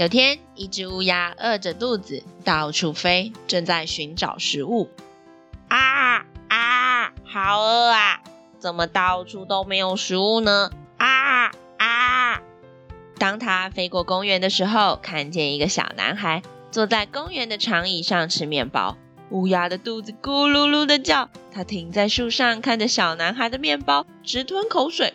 有天，一隻烏鴉餓着肚子到處飛，正在尋找食物。啊啊，好餓啊！怎麼到處都沒有食物呢？啊啊！當它飛過公園的時候，看見一個小男孩坐在公園的長椅上吃麵包。烏鴉的肚子咕嚕嚕的叫，它停在樹上看着小男孩的麵包，直吞口水。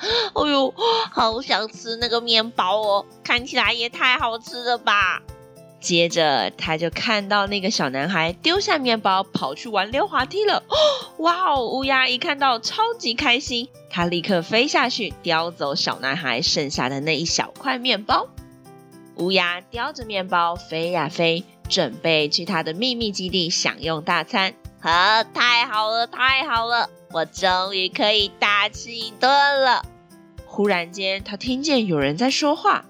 哎呦，好想吃那個麵包哦！看起來也太好吃了吧！接着，他就看到那個小男孩丟下面包，跑去玩溜滑梯了。哇哦，烏鴉一看到超級開心，他立刻飛下去叼走小男孩剩下的那一小塊麵包。烏鴉叼着面包飛呀飛，準備去他的秘密基地享用大餐。呵、啊，太好了，太好了！我終於可以大吃一頓了。忽然間，它聽見有人在說話：“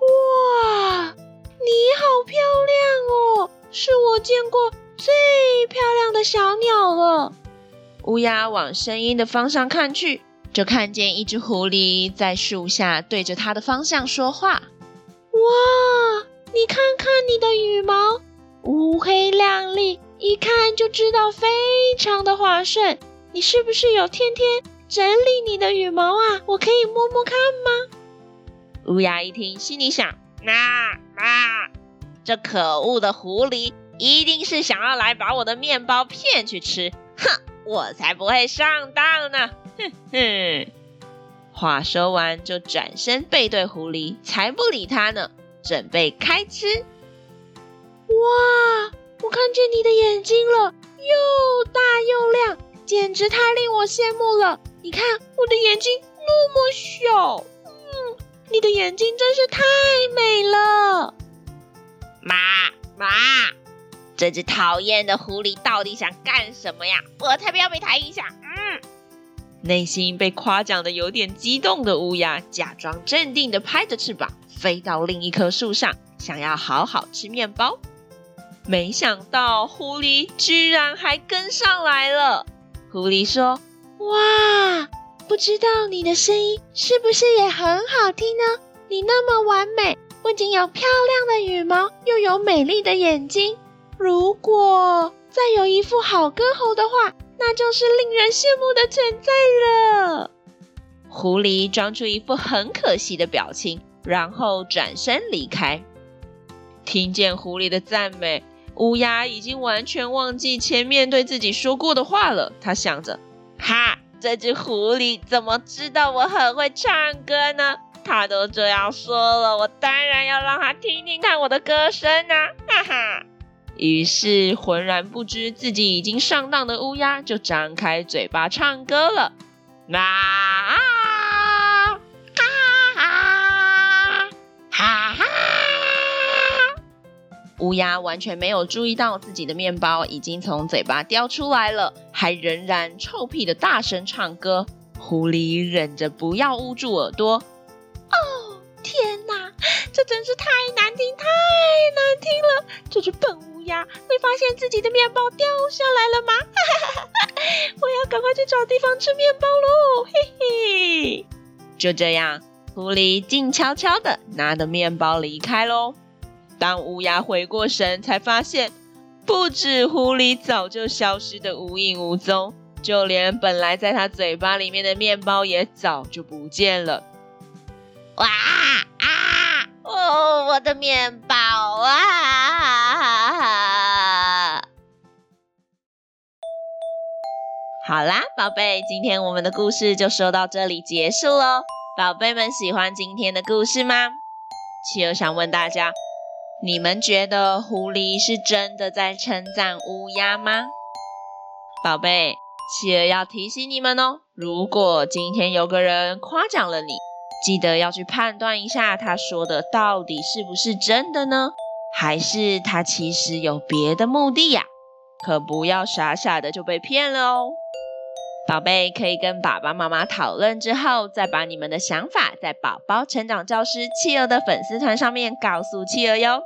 哇，你好漂亮哦，是我見過最漂亮的小鳥了。”烏鴉往聲音的方向看去，就看見一隻狐狸在樹下對着它的方向說話：“哇，你看看你的羽毛，烏黑亮麗，一看就知道非常的滑順。”你是不是有天天整理你的羽毛啊？我可以摸摸看嗎？烏鴉一聽，心裡想：那、啊、那、啊、這可惡的狐狸一定是想要來把我的面包騙去吃，哼，我才不會上當呢！哼哼。話說完就轉身背對狐狸，才不理他呢，準備開吃。哇，我看見你的眼睛了。真是太令我羨慕了！你看我的眼睛那麼小，嗯，你的眼睛真是太美了。媽媽，這隻討厭的狐狸到底想幹什麼呀？我才不要被它影響。嗯，內心被誇獎的有點激動的烏鴉，假裝鎮定的拍着翅膀飛到另一棵樹上，想要好好吃麵包。沒想到狐狸居然還跟上來了。狐狸說：“哇，不知道你的聲音是不是也很好聽呢？你那麼完美，不僅有漂亮的羽毛，又有美麗的眼睛，如果再有一副好歌喉的話，那就是令人羨慕的存在了。”狐狸裝出一副很可惜的表情，然後轉身離開。聽見狐狸的讚美，烏鴉已經完全忘記前面對自己說過的話了，他想着：“哈，這隻狐狸怎麼知道我很會唱歌呢？他都這樣說了，我當然要讓他聽聽看我的歌聲啊！”哈哈。於是，渾然不知自己已經上當的烏鴉就張開嘴巴唱歌了，啦、啊。烏鴉完全沒有注意到自己的麵包已經從嘴巴掉出來了，還仍然臭屁的大聲唱歌。狐狸忍着不要捂住耳朵。哦，天哪，這真是太難聽，太難聽了！這只笨烏鴉會發現自己的麵包掉下來了嗎？ 我要趕快去找地方吃麵包嘍！嘿嘿。就這樣，狐狸靜悄悄地拿着麵包離開嘍。當烏鴉回過神，才發現不止狐狸早就消失得無影無蹤，就連本來在它嘴巴裡面的麵包也早就不見了。哇啊！哦，我的麵包啊！好啦，寶貝，今天我們的故事就說到這裡結束嘍。寶貝們喜歡今天的故事嗎？企鵝想問大家。你們覺得狐狸是真的在稱讚烏鴉嗎？寶貝，企鵝要提醒你們哦，如果今天有個人誇獎了你，記得要去判斷一下他說的到底是不是真的呢？還是他其實有別的目的呀？可不要傻傻的就被騙了哦！寶貝可以跟爸爸媽媽討論之後，再把你們的想法在寶寶成長教師企鵝的粉絲團上面告訴企鵝喲。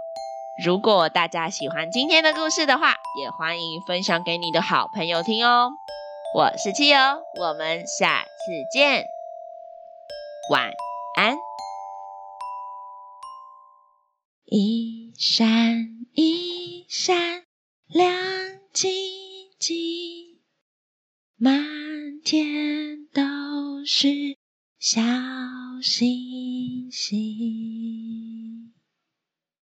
如果大家喜歡今天的故事的話，也歡迎分享給你的好朋友聽哦。我是企鵝，我們下次見，晚安。一閃一閃亮晶晶，媽。今天都是小星星。